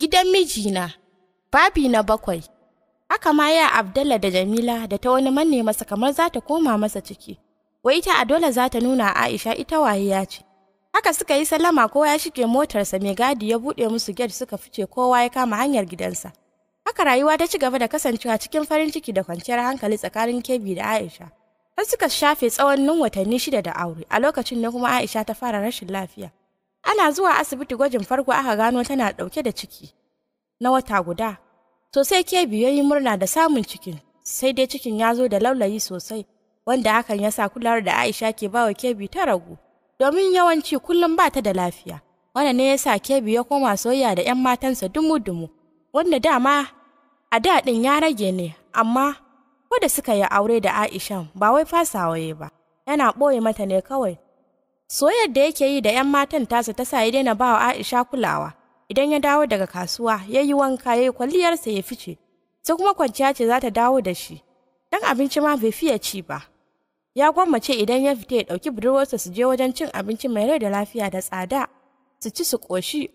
gidan mijina, babi na bakwai. Haka ma ya Abdalla da Jamila da ta wani manne masa kamar za ta koma masa ciki, wai ita a dole za ta nuna Aisha ita ya ce. Haka suka yi sallama ko ya shige motarsa mai gadi ya buɗe musu gate suka fice kowa ya kama hanyar gidansa. Haka rayuwa ta ci gaba da kasancewa cikin farin ciki da kwanciyar hankali tsakanin Kebi da Aisha. Har suka shafe tsawon watanni shida da aure, a lokacin ne kuma Aisha ta fara rashin lafiya. Ana zuwa asibiti gwajin farko aka gano tana ɗauke da ciki na wata guda. Sosai Kebi ya yi murna da samun cikin, sai dai cikin ya zo da laulayi sosai, wanda hakan ya sa kular da Aisha ke bawa Kebi ta ragu, domin yawanci kullum ba ta da lafiya. Wannan ne ya sa Kebi ya koma soyayya da 'yan matansa dumu-dumu, wanda dama a da ɗin ya rage ne, amma da suka yi aure da Aisha ba wai fasawaye ba, yana ɓoye mata ne kawai Soyar da yake yi da 'yan matan tasa ta sa ya daina ba wa Aisha kulawa. Idan ya dawo daga kasuwa, ya yi wanka, ya yi kwalliyarsa ya fice. Sai kuma kwanciya ce za ta dawo da shi. Dan abinci ma bai fiye ci ba. Ya gwammace idan ya fita ya ɗauki budurwarsa su je wajen cin abinci mai rai da lafiya da tsada. Su ci su ƙoshi.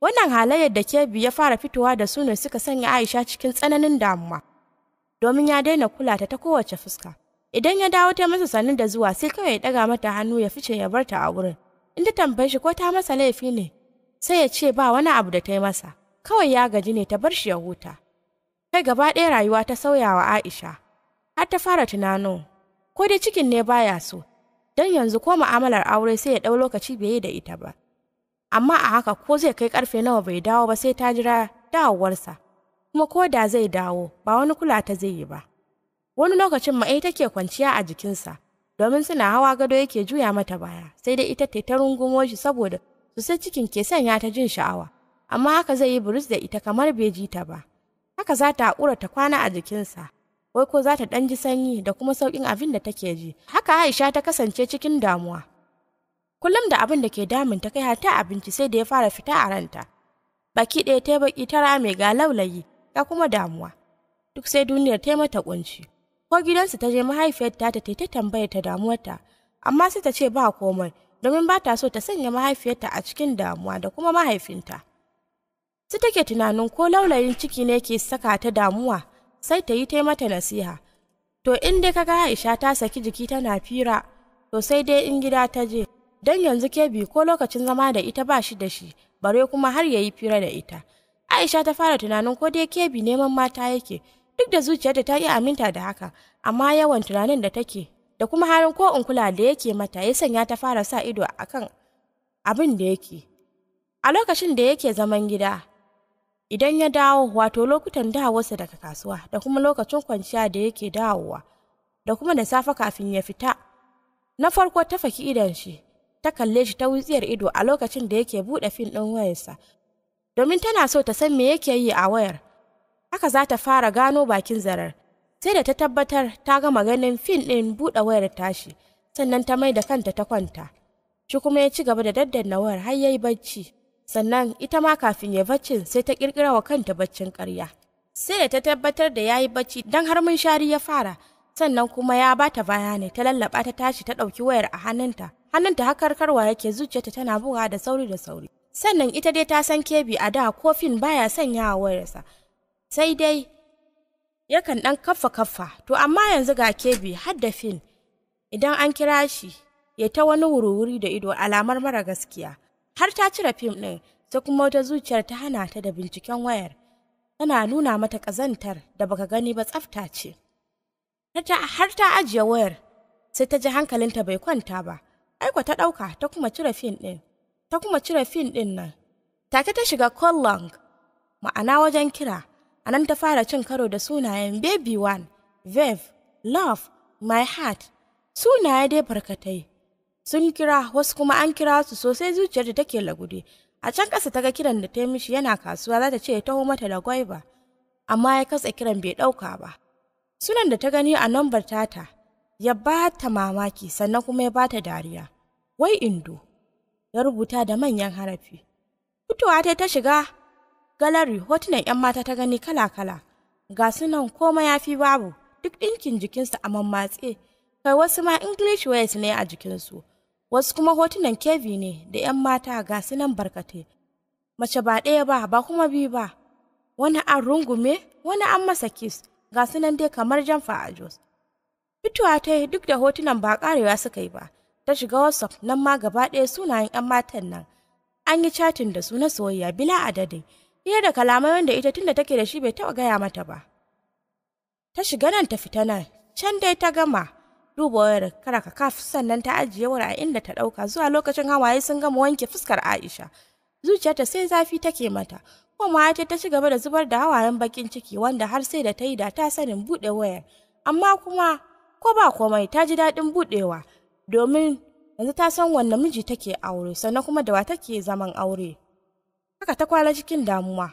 Wannan halayyar da Kebi ya fara fitowa da su ne suka sanya Aisha cikin tsananin damuwa. Domin ya daina kula ta ta kowace fuska. Idan ya dawo ta masa sannu da zuwa sai kawai ya ɗaga mata hannu ya fice ya bar ta a wurin. In ta tambaye shi ko ta masa laifi ne sai ya ce ba wani abu da ta yi masa. Kawai ya gaji ne ta bar shi ya huta. Kai gaba ɗaya rayuwa ta sauya wa Aisha. Har ta fara tunanin ko dai cikin ne baya so. Don yanzu ko mu'amalar aure sai ya ɗau lokaci bai yi da ita ba. Amma a haka ko zai kai karfe nawa bai dawo ba sai ta jira dawowarsa. Kuma ko da zai dawo ba wani kula ta zai yi ba. wani lokacin ma ita eh take kwanciya a jikinsa domin suna hawa gado yake juya mata baya sai dai ita ta rungumo shi saboda su cikin ke sanya ta jin sha'awa amma haka zai yi buris da ita kamar bai ji ta ba haka za ta haƙura ta kwana a jikinsa wai ko za ta ɗan ji sanyi da kuma sauƙin abin da take ji haka aisha ta kasance cikin damuwa kullum da abin da ke damun ta kai har ta abinci sai da ya fara fita a ranta baki ɗaya ta baki ta rame ga laulayi ga kuma damuwa duk sai duniyar ta yi mata ƙunci ko gidansu ta je mahaifiyarta ta ta ta tambaya ta damuwarta amma sai ta ce ba komai domin ba ta so ta sanya mahaifiyarta a cikin damuwa da kuma mahaifinta su take tunanin ko laulayin ciki ne ke saka ta damuwa sai ta yi ta mata nasiha to in dai kaga Aisha ta saki jiki tana fira to sai dai in gida ta je Don yanzu kebi ko lokacin zama da ita ba shi da shi bare kuma har yayi fira da ita Aisha ta fara tunanin ko dai kebi neman mata yake duk da zuciyarta ta iya aminta da haka amma yawan tunanin da take da kuma harin ko in kula da yake mata ya sanya ta fara sa ido akan abin da yake a lokacin da yake zaman gida idan ya dawo wato lokutan dawowarsa daga kasuwa da kuma lokacin kwanciya da yake dawowa da kuma da safe kafin ya fita na farko ta faki idon shi ta kalle shi ta wutsiyar ido a lokacin da yake buɗe fim ɗin wayarsa domin tana so ta san me yake yi a wayar haka za ta fara gano bakin zarar sai da ta tabbatar ta gama ganin fin ɗin buɗe wayar tashi sannan ta mai da kanta ta kwanta shi kuma ya ci gaba da daddanna wayar har yayi bacci sannan ita ma kafin ya bacci sai ta kirkira wa kanta baccin ƙarya sai da ta tabbatar da yayi bacci dan har mun shari ya fara sannan kuma ya bata baya ne ta lallaba ta tashi ta ɗauki wayar a hannunta hannunta hakarkarwa yake zuciyarta tana buga da sauri da sauri sannan ita dai ta san kebi a da kofin baya sanya wayarsa sai dai yakan ɗan kaffa-kaffa, to amma yanzu ga kebi har da fin, idan an kira shi, ya ta wani wuri-wuri da ido alamar mara gaskiya, har ta cire fim ɗin, sai kuma wata zuciyar ta hana ta da binciken wayar, tana nuna mata ƙazantar da baka gani ba tsafta ce. Har ta ajiye wayar, sai ta ji hankalinta bai kwanta ba, aiko ta ɗauka ta kuma cire fim ɗin, ta kuma cire fim ɗin nan. Take ta shiga Kollong, ma'ana wajen kira, A nan ta fara cin karo da sunayen Baby One, Vev, Love, My Heart, sunaye dai barkatai. Sun kira wasu kuma an kira su sosai zuciyar da take lagude. A can ƙasa ta ga kiran da ta yi mishi yana kasuwa za ta ce ya taho mata da gwaiba, amma ya kasa kiran bai ɗauka ba. Sunan da ta gani a nambar tata ya ba ta mamaki sannan kuma ya ba ta dariya. Wai indo, ya rubuta da manyan harafi. Fitowa ta ta shiga galari hotunan 'yan mata ta gani kala-kala ga sunan koma ya fi babu duk ɗinkin jikinsu a mammatse kai wasu ma english ways ne a jikinsu wasu kuma hotunan kevi ne da 'yan mata ga sunan barkate. mace ba ɗaya ba ba kuma bi ba wani an rungume wani an masa kis ga sunan dai kamar janfa a jos fitowa ta yi duk da hotunan ba karewa suka yi ba ta shiga whatsapp nan ma gaba ɗaya sunayen 'yan matan nan an yi chatin da su na soyayya bila adadin fiye da kalamai wanda ita tunda take da shi bai taɓa gaya mata ba. Ta shiga nan ta fita nan, can dai ta gama duba wayar kara ka kaf sannan ta ajiye wura a inda ta ɗauka zuwa lokacin hawaye sun gama wanke fuskar Aisha. Zuciyarta sai zafi take mata, kuma ta ta ci gaba da zubar da hawayen bakin ciki wanda har sai da ta yi da ta sanin buɗe wayar. Amma kuma ko ba komai ta ji daɗin buɗewa domin yanzu ta san wanne miji take aure sannan kuma da wa take zaman aure. haka ta kwana cikin damuwa.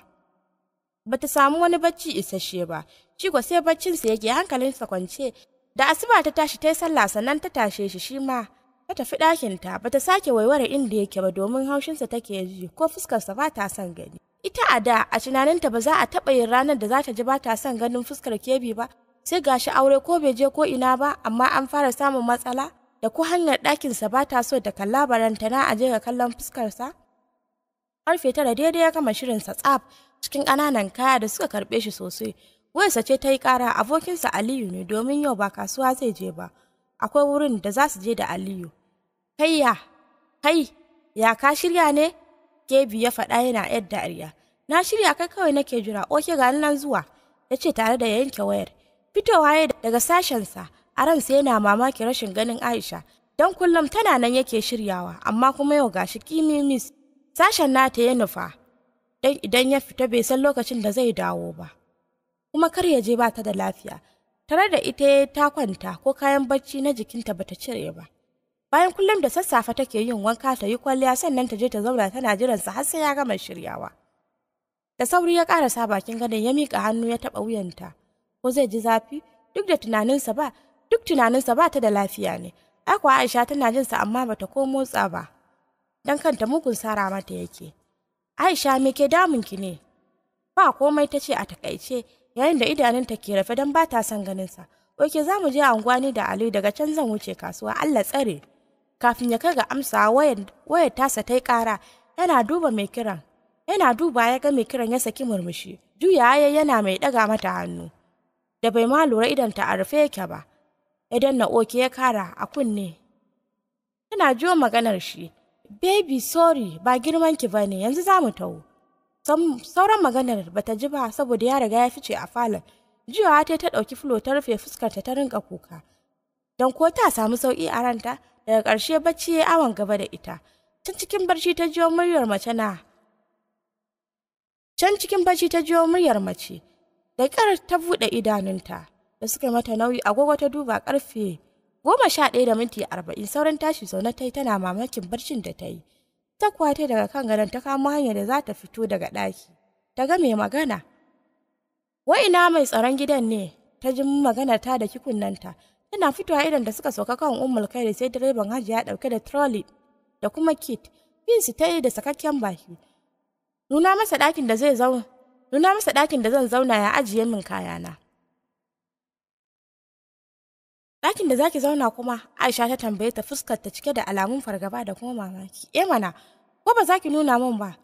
Ba ta samu wani bacci isasshe ba, cigo sai baccinsa yake hankalin sa kwance, da asuba ta tashi ta yi sallah sannan ta tashe shi shi ma ta tafi ɗakinta ba ta sake waiware inda yake ba domin haushinsa take ji ko fuskarsa ba ta son gani. Ita a da a tunaninta ba za a taɓa yin ranar da za ta ji ba ta son ganin fuskar kebi ba, sai gashi aure ko bai je ko ina ba amma an fara samun matsala da ko hanyar ɗakinsa ba ta so ta kalla baranta na aje ga kallon fuskarsa. Karfe tara daidai ya gama shirinsa tsaf cikin ƙananan kaya da suka karɓe shi sosai. Wayarsa ce ta yi ƙara abokinsa Aliyu ne domin yau ba kasuwa zai je ba. Akwai wurin da za su je da Aliyu. ya, kai, ya ka shirya ne? kebi ya faɗa yana yar dariya. Na shirya kai kawai nake jira, oke ga nan zuwa. Ya ce tare da yanke wayar. Fitowa ya daga sa a ransa yana mamaki rashin ganin Aisha. Don kullum tana nan yake shiryawa, amma kuma yau gashi kimi miss. Sashen nata ya nufa, don idan ya fita bai san lokacin da zai dawo ba. Kuma kar ya je ba ta da lafiya, tare da ita ya ta kwanta ko kayan bacci na jikinta bata cire ba. Bayan kullum da sassafe take yin wanka ta yi kwalliya sannan ta je ta zauna tana jiransa har sai ya gama shiryawa. Da sauri ya karasa bakin gadon ya mika hannu ya taɓa wuyanta. Ko zai ji zafi duk da tunaninsa ba duk tunaninsa ba ta da lafiya ne. Akwa Aisha tana jin sa, amma bata ko motsa ba. don kanta mugun sara mata yake. Aisha me ke ki ne? Ba komai ta ce a takaice yayin da idanunta ke rafe don ba ta son ganinsa. Oke za mu je unguwanni da Ali daga can zan wuce kasuwa Allah tsare. Kafin ya kai ga amsa wayar tasa ta yi ƙara yana duba mai kiran. Yana duba ya ga mai kiran ya saki murmushi. Juya ya yana mai ɗaga mata hannu. Da bai ma lura idanta a rufe yake ba. Idan na oke ya kara a kunne. Tana jiwon maganar shi. baby sorry ba girman ki bane yanzu za mu taho sauran maganar ba ta ji ba saboda ya riga ya fice a falon jiya ta ta ɗauki filo ta rufe fuskar ta rinka kuka dan ko ta samu sauƙi a ranta daga ƙarshe bacci ya awon gaba da ita can cikin barci ta jiyo muryar mace na can cikin barci ta jiyo muryar mace da ƙar ta buɗe idanunta da suka mata nauyi agogo ta duba ƙarfe Goma sha ɗaya da minti arba'in sauran tashi zaune ta yi tana mamakin barcin da ta yi. Ta kwate daga kan gadon ta kamo hanyar da za ta fito daga ɗaki. Ta ga mai magana. Wa'ina mai tsaron gidan ne ta ji magana ta da kikunnanta. Tana fitowa idan da suka sauka kan ummul kai sai direban hajji ya ɗauke da trolley da kuma kit. Binsu ta yi da sakakken baki. Nuna masa ɗakin da zai zauna. Nuna masa ɗakin da zan zauna ya ajiye min kayana. Ɗakin da zaki zauna kuma, Aisha ta tambaye ta fuskar ta cike da alamun fargaba da kuma mamaki. E mana, ko ba za nuna min ba?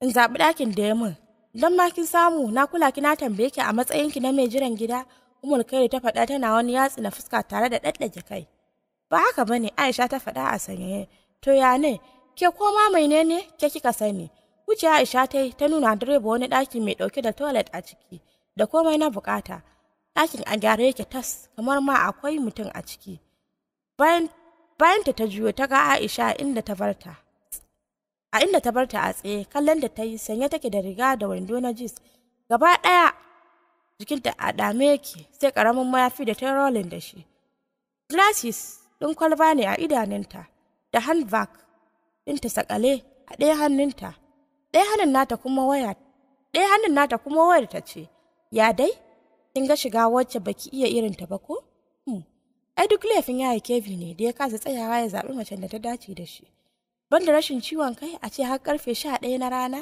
In zaɓi ɗakin da ya min. Don ma kin samu, na kula ki na tambaye ki a matsayin ki na mai jiran gida, Umar kai ta faɗa tana wani yatsi na fuska tare da ɗaɗɗage kai. Ba haka bane, Aisha ta faɗa a sanyaye. To ya ne, ke ko ma mai ne ne, ke kika sani. Wuce Aisha ta ta nuna direba wani ɗaki mai ɗauke da toilet a ciki, da komai na buƙata. ɗakin a gyara yake tas kamar ma akwai mutum a ciki bayan ta juyo ta ga aisha inda ta barta a inda ta barta a tsaye kallon da ta yi sanye take da riga da wando na jis gaba ɗaya jikinta a dame yake sai ƙaramin mayafi da ta rolin da shi glasses ɗin kwalba ne a idanunta da handbag ɗinta sakale a ɗaya hannun nata kuma ɗaya hannun nata kuma wayar ta ce ya dai kin ga shiga wacce baki iya irin ta ba ko hmm. ai duk laifin yaya kevi ne da ya kasa tsayawa ya zaɓi macen da ta dace da shi banda rashin ciwon kai a ce har karfe sha ɗaya na rana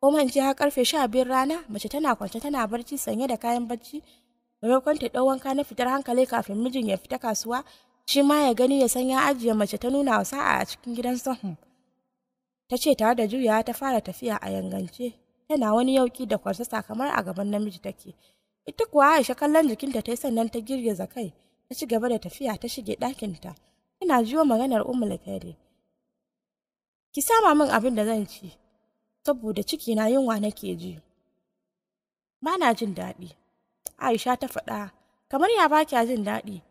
ko man ce har karfe sha biyar rana mace tana kwance tana barci sanye da kayan barci maimakon ta ɗau wanka na fitar hankali kafin mijin ya fita kasuwa shi ma ya gani ya san ya ajiye mace ta nuna wa sa'a a cikin gidan sahun hmm. ta ce tare da juyawa ta fara tafiya a yangance Yana wani yauki da kwarsasa kamar a gaban namiji take Ita kuwa Aisha kallon jikinta ta yi sannan ta girgiza kai, ta ci gaba da tafiya ta shige ɗakinta. Ina jiwo maganar Ummul kare Ki sama min abin da zan ci, saboda ciki na yunwa nake ji. Ba na jin daɗi. Aisha ta faɗa, kamar ya ba kya jin daɗi.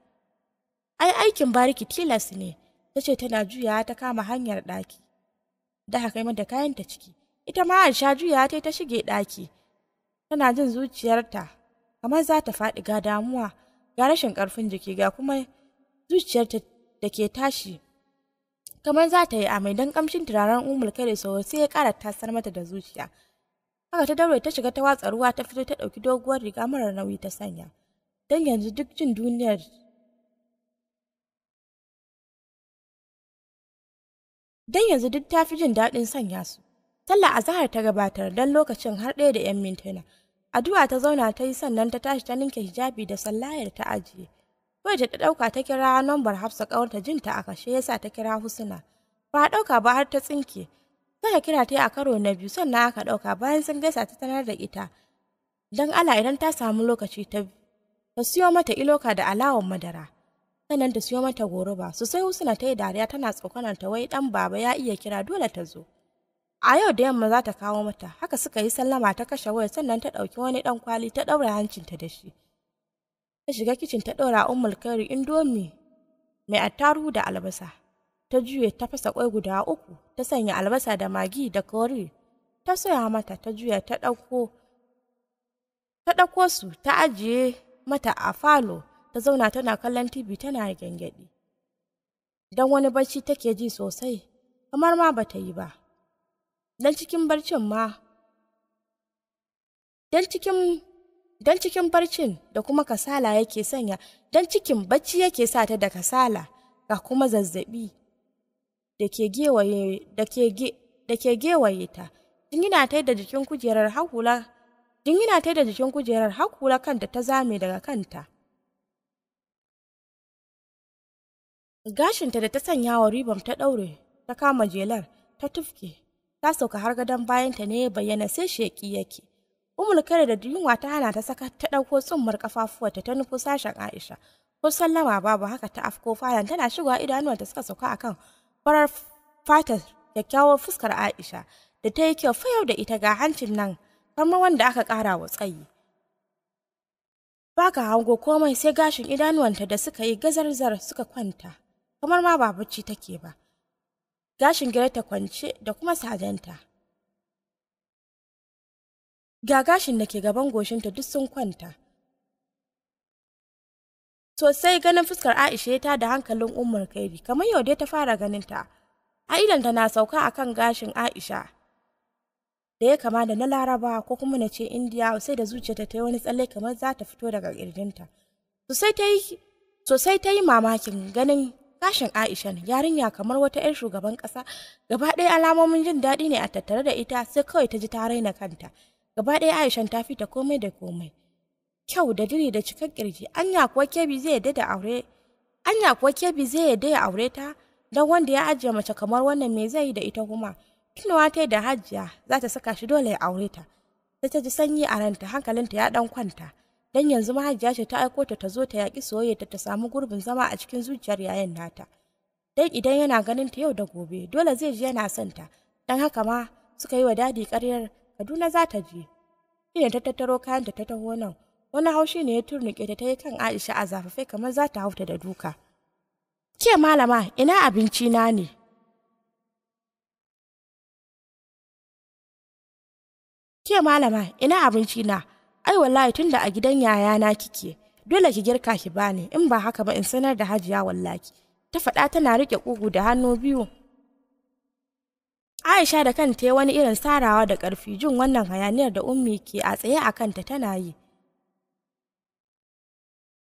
Ai aikin bariki tilas ne, ta ce tana juyawa ta kama hanyar ɗaki. Da haka yi mata kayanta ciki. Ita ma Aisha juyawa ta ta shige ɗaki. Tana jin zuciyarta kamar za ta faɗi ga damuwa ga rashin ƙarfin jiki ga kuma zuciyar da ke tashi kamar za ta yi mai don ƙamshin turaren umul kai da sai ya ƙara tasar mata da zuciya haka ta daure ta shiga ta watsa ruwa ta fito ta ɗauki doguwar riga mara nauyi ta sanya don yanzu duk jin duniyar don yanzu duk ta fi jin daɗin sanya su sallah azahar ta gabatar don lokacin har ɗaya da 'yan mintuna Addu'a ta zauna ta yi sannan ta tashi ta ninke hijabi da sallayar ta ajiye. Wai ta ɗauka ta kira nambar Hafsa ƙawarta jin ta a kashe yasa ta kira Husna. Ba a ɗauka ba har ta tsinke. Suka kira ta a karo na biyu sannan aka ɗauka bayan sun gaisa ta sanar da ita. Don Allah idan ta samu lokaci ta ta siyo mata iloka da alawan madara. Sannan ta siyo mata goruba. sai Husna ta yi dariya tana tsokanar ta wai ɗan baba ya iya kira dole ta zo. a yau da yamma za ta kawo mata haka suka yi sallama ta kashe waya sannan ta ɗauki wani ɗan kwali ta ɗaura hancinta da shi ta shiga kicin ta ɗora ummul kairi indomi mai attaruhu da albasa ta juye ta fasa kwai guda uku ta sanya albasa da magi da kori ta soya mata ta juya ta ɗauko ta ɗauko su ta ajiye mata a falo ta zauna tana kallon tv tana gyangyaɗi don wani bacci take ji sosai kamar ma bata yi ba don cikin barcin ma don cikin don cikin barcin da kuma kasala yake sanya don cikin bacci yake sa ta da kasala ga kuma zazzabi da ke gewaye ta jingina ta da jikin kujerar hakula jingina ta da jikin kujerar hakula kanta ta zame daga kanta gashinta da ta sanya wa ribam ta ɗaure ta kama jelar ta tufke ta sauka har gadon bayanta ne bayyana sai sheƙi yake. Umul kare da yunwa ta hana ta saka ta ɗauko tsummar kafafuwarta ta nufi sashen Aisha. Ko sallama babu haka ta afko falon tana shigowa idanuwanta suka sauka akan farar fatar kyakkyawar fuskar Aisha da ta yi kyau fayau da ita ga hancin nan kamar wanda aka ƙara wa tsayi. Baka hango komai sai gashin idanuwanta da suka yi gazarzar suka kwanta kamar ma ba bacci take ba. gashin ta kwance da kuma sajanta. Ga gashin da ke gaban goshinta duk sun kwanta. Sosai ganin fuskar Aisha ta da hankalin Umar Kaibi, kamar yau dai ta fara ganin ta A idanta na sauka akan gashin Aisha. Da ya kama da na Laraba ko kuma na ce Indiya sai da zuciyarta ta yi wani tsalle kamar za ta fito daga ƙirjinta. Sosai ta yi mamakin ganin Aisha Aishan yarinya kamar wata 'yar shugaban ƙasa gaba ɗaya alamomin jin daɗi ne a tattare da ita sai kawai ta ji ta raina kanta. Gaba ɗaya Aishan ta fita komai da komai. Kyau da diri da cikar kirji anya kuwa kebi zai yadda da aure anya kuwa kebi zai yadda ya aure ta don wanda ya ajiye mace kamar wannan me zai yi da ita kuma tunawa ta da hajiya za ta saka shi dole ya aure ta. Sai ta ji sanyi a ranta hankalinta ya ɗan kwanta. Dan yanzu Mahajiya ce ta aiko ta ta zo ta yaƙi soyayyarta ta samu gurbin zama a cikin zuciyar yayan nata. Dan idan yana ganin ta yau da gobe, dole zai ji yana son ta. Dan haka ma suka yi wa dadi ƙaryar Kaduna za ta je. Ina ta tattaro kayan ta taho nan. Wani haushi ne ya turnuke ta ta yi kan Aisha a zafafai kamar za ta hauta da duka. Ke malama, ina abinci na ne? Ke malama, ina abinci na? ai wallahi tunda a gidan yayana kike dole ki girka ki bani in ba haka ba in sanar da hajiya wallaki ta faɗa tana riƙe ƙugu da hannu biyu Aisha da kanta ya wani irin sarawa da ƙarfi jin wannan hayaniyar da ummi ke a tsaye a kanta tana yi.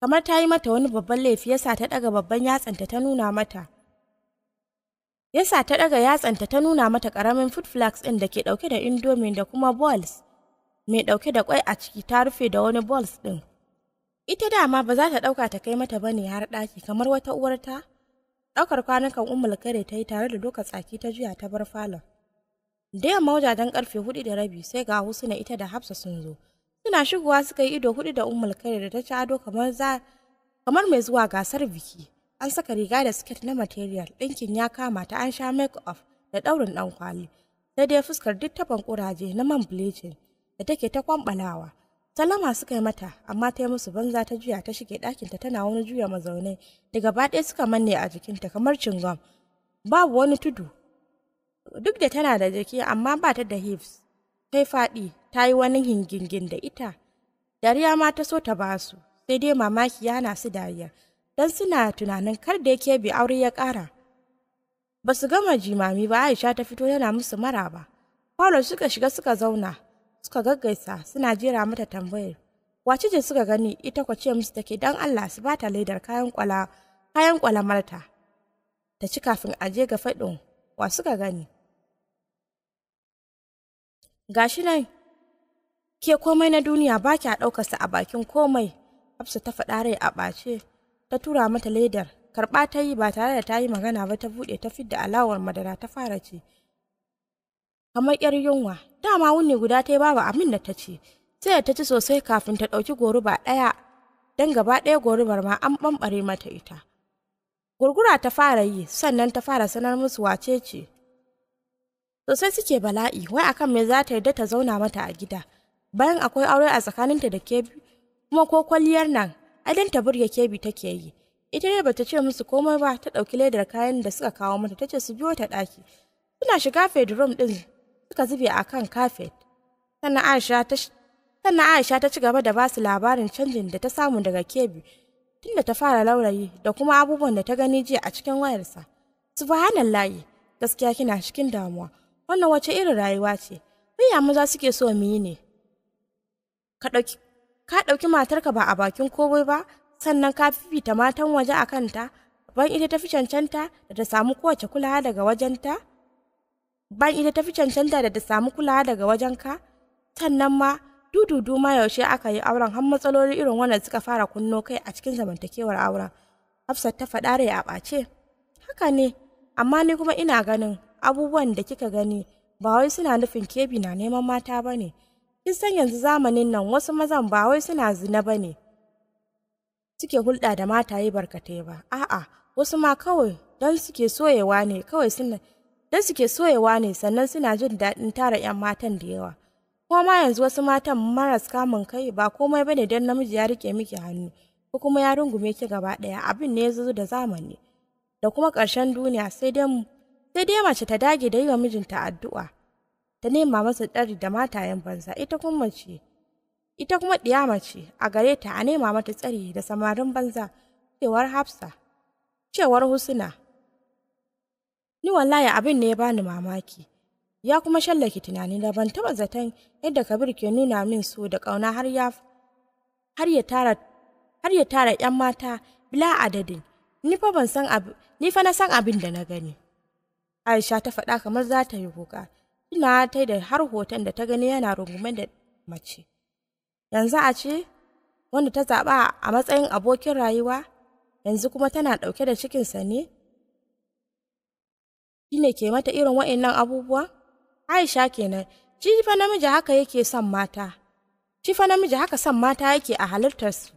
Kamar ta yi mata wani babban laifi yasa ta ɗaga babban yatsanta ta nuna mata. Yasa ta ɗaga yatsanta ta nuna mata ƙaramin food flags ɗin da ke ɗauke da indomin da kuma balls. mai ɗauke da kwai a ciki ta rufe da wani bols ɗin. Ita dama ba za ta ɗauka ta kai mata ba ne har ɗaki kamar wata uwarta. Ɗaukar kwanukan umul kare ta yi tare da doka tsaki ta juya ta bar falon. Da yamma wajajen karfe hudu da rabi sai ga na ita da Hafsa sun zo. Suna shigowa suka yi ido hudu da umul kare da ta ci ado kamar mai zuwa gasar biki. An saka riga da siket na material ɗinkin ya kama ta an sha make-up da ɗaurin ɗan kwali. Sai dai fuskar duk taban ƙuraje na man bleaching. da take ta kwamɓalawa salama suka yi mata amma ta yi musu banza ta juya ta shige ɗakinta tana wani juya mazaunai daga gaba ɗaya suka manne a jikinta kamar cingam babu wani tudu duk da tana da jiki amma ba ta da hips Kai faɗi ta yi wani hingingin da ita dariya ma ta so ta ba su sai dai mamaki yana su dariya don suna tunanin kar da yake bi aure ya ƙara ba su gama jimami ba aisha ta fito yana musu mara ba Paulo suka shiga suka zauna suka gaggaisa suna jera mata tambayar wace ce suka gani ita kwace musu take don Allah su bata laidar kayan kwala kayan kwalamarta ta ci kafin a je ga faɗin wa suka gani gashi nan ke komai na duniya ba kya ɗaukarsa a bakin komai hafsa ta faɗa rai a ɓace ta tura mata laidar karɓa ta yi ba tare da ta yi magana ba ta buɗe ta fidda alawar madara ta fara ce kamar yar yunwa dama wuni guda ta yi babu abin da ta ce. sai ta ci sosai kafin ta ɗauki goruba ɗaya don gaba ɗaya gorubar ma an ɓamɓare mata ita gurgura ta fara yi sannan ta fara sanar musu wace ce sosai suke bala'i wai akan me za ta yarda ta zauna mata a gida bayan akwai aure a tsakaninta da kebi kuma ko kwalliyar nan adan ta burge kebi take yi ita ne bata ce musu komai ba ta ɗauki ledar kayan da suka kawo mata tace su biyo ta ɗaki suna shiga fedirom ɗin suka zube a kan kafet. Sannan Aisha ta ci gaba da basu labarin canjin da ta samu daga Kebi tun da ta fara laurayi da kuma abubuwan da ta gani jiya a cikin wayarsa. layi. gaskiya kina cikin damuwa. Wannan wace irin rayuwa ce? Waya maza suke so mu yi ne. Ka ɗauki ka matarka ba a bakin kowai ba, sannan ka fifita matan waje a kanta, ban ita ta fi cancanta da ta samu kowace kulawa daga wajenta? ban ita tafi cancanta da ta samu kula daga wajenka sannan ma dududu ma yaushe aka yi auren har matsaloli irin wannan suka fara kunno kai a cikin zamantakewar auren hafsat ta faɗa rai a ɓace haka ne amma ni kuma ina ganin abubuwan da kika gani ba wai suna nufin kebi na neman mata ba ne kin san yanzu zamanin nan wasu mazan ba wai suna zina ba ne suke hulɗa da mata yi barkatai ba a'a wasu ma kawai don suke soyewa ne kawai suna don suke soyewa ne sannan suna jin daɗin tara 'yan matan da yawa. Kuma ma yanzu wasu matan maras kamun kai ba komai bane don namiji ya rike miki hannu ko kuma ya rungume ki gaba ɗaya abin ne ya zo da zamani da kuma ƙarshen duniya sai dai sai dai mace ta dage da yi wa mijinta addu'a ta nema masa tsari da matayen banza ita kuma mace ita kuma ɗiya mace a gare ta a nema mata tsari da samarin banza cewar Hafsa cewar Husna Ni wallahi abin ne ya bani mamaki. Ya kuma shallaki tunani da ban taɓa zaton yadda Kabir ke nuna min so da kauna har ya har ya tara har ya tara ‘yan mata bila adadin. Ni fa ban san ni fa na san abin da na gani. Aisha ta faɗa kamar za ta yi kuka. Ina ta da har hoton da ta gani yana rungume da mace. Yanzu a ce wanda ta zaɓa a matsayin abokin rayuwa yanzu kuma tana ɗauke da cikinsa ne? shi ne ke mata irin wa'annan abubuwa? Aisha kenan, shi fa namiji haka yake son mata, shi fa namiji haka son mata yake a halittarsu.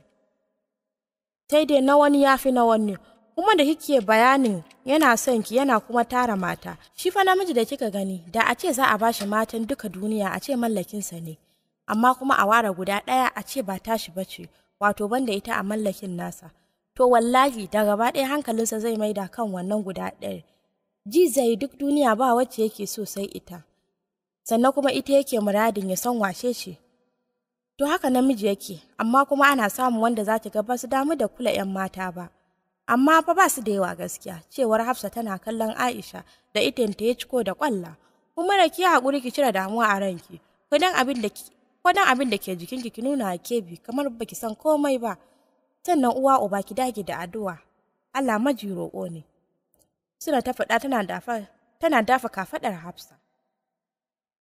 Sai dai na wani ya fi na wani, kuma da kike bayanin yana son ki yana kuma tara mata, shi fa namiji da kika gani, da a ce za a bashi matan duka duniya a ce mallakinsa ne, amma kuma a ware guda ɗaya a ce ba tashi ba ce. wato banda ita a mallakin nasa. To wallahi da gaba ɗaya hankalinsa zai maida kan wannan guda ɗaya. ji duk duniya ba wacce yake so sai ita sannan kuma ita yake muradin ya san washe shi. to haka namiji yake amma kuma ana samun wanda za ta ga ba su damu da kula 'yan mata ba amma fa ba su da yawa gaskiya cewar hafsa tana kallon aisha da itanta ya ciko da kwalla kuma da ki haƙuri ki cire damuwa a ranki kudan abin da ke jikinki ki nuna kebi kamar baki san komai ba sannan uwa uba ki dage da addu'a Allah majiro ne Suna ta faɗa tana dafa tana dafa kafaɗar Hafsa.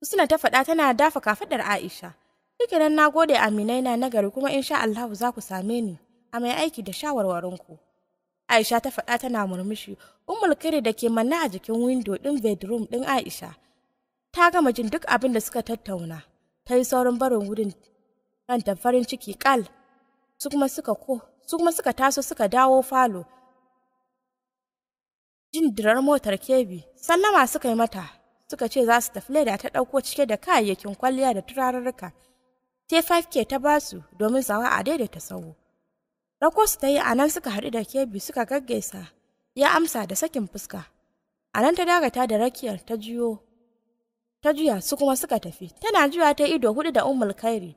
Suna ta faɗa tana dafa kafaɗar Aisha. Shikenan na gode aminai na nagari kuma insha Allahu za ku same ni a mai aiki da shawarwarinku. Aisha ta faɗa tana murmushi. Ummul Kare da ke manna a jikin windo ɗin bedroom ɗin Aisha. Ta gama jin duk abin da suka tattauna. Ta yi saurin barin wurin ranta farin ciki kal. Su kuma suka ko, su kuma suka taso suka dawo falo. jin dirar motar kebi sallama suka yi mata suka ce za su tafi leda ta ɗauko cike da kayayyakin kwalliya da turarurruka t5k ta basu domin zawa a daidaita sahu ɗauko su ta yi a nan suka haɗu da kebi suka gaggaisa ya amsa da sakin fuska a nan ta dagata da rakiyar ta juyo ta juya su kuma suka tafi tana juya ta ido hudu da umul kairi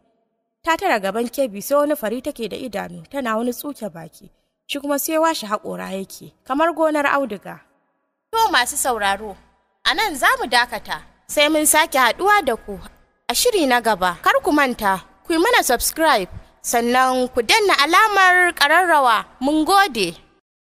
ta tara gaban kebi sai wani fari take da idanu tana wani tsuke baki shi kuma sai washe haƙora yake kamar gonar auduga. To masu sauraro, a nan za mu dakata sai mun sake haɗuwa da ku a shiri na gaba. Kar ku manta, ku yi mana subscribe sannan ku danna alamar ƙararrawa mun gode.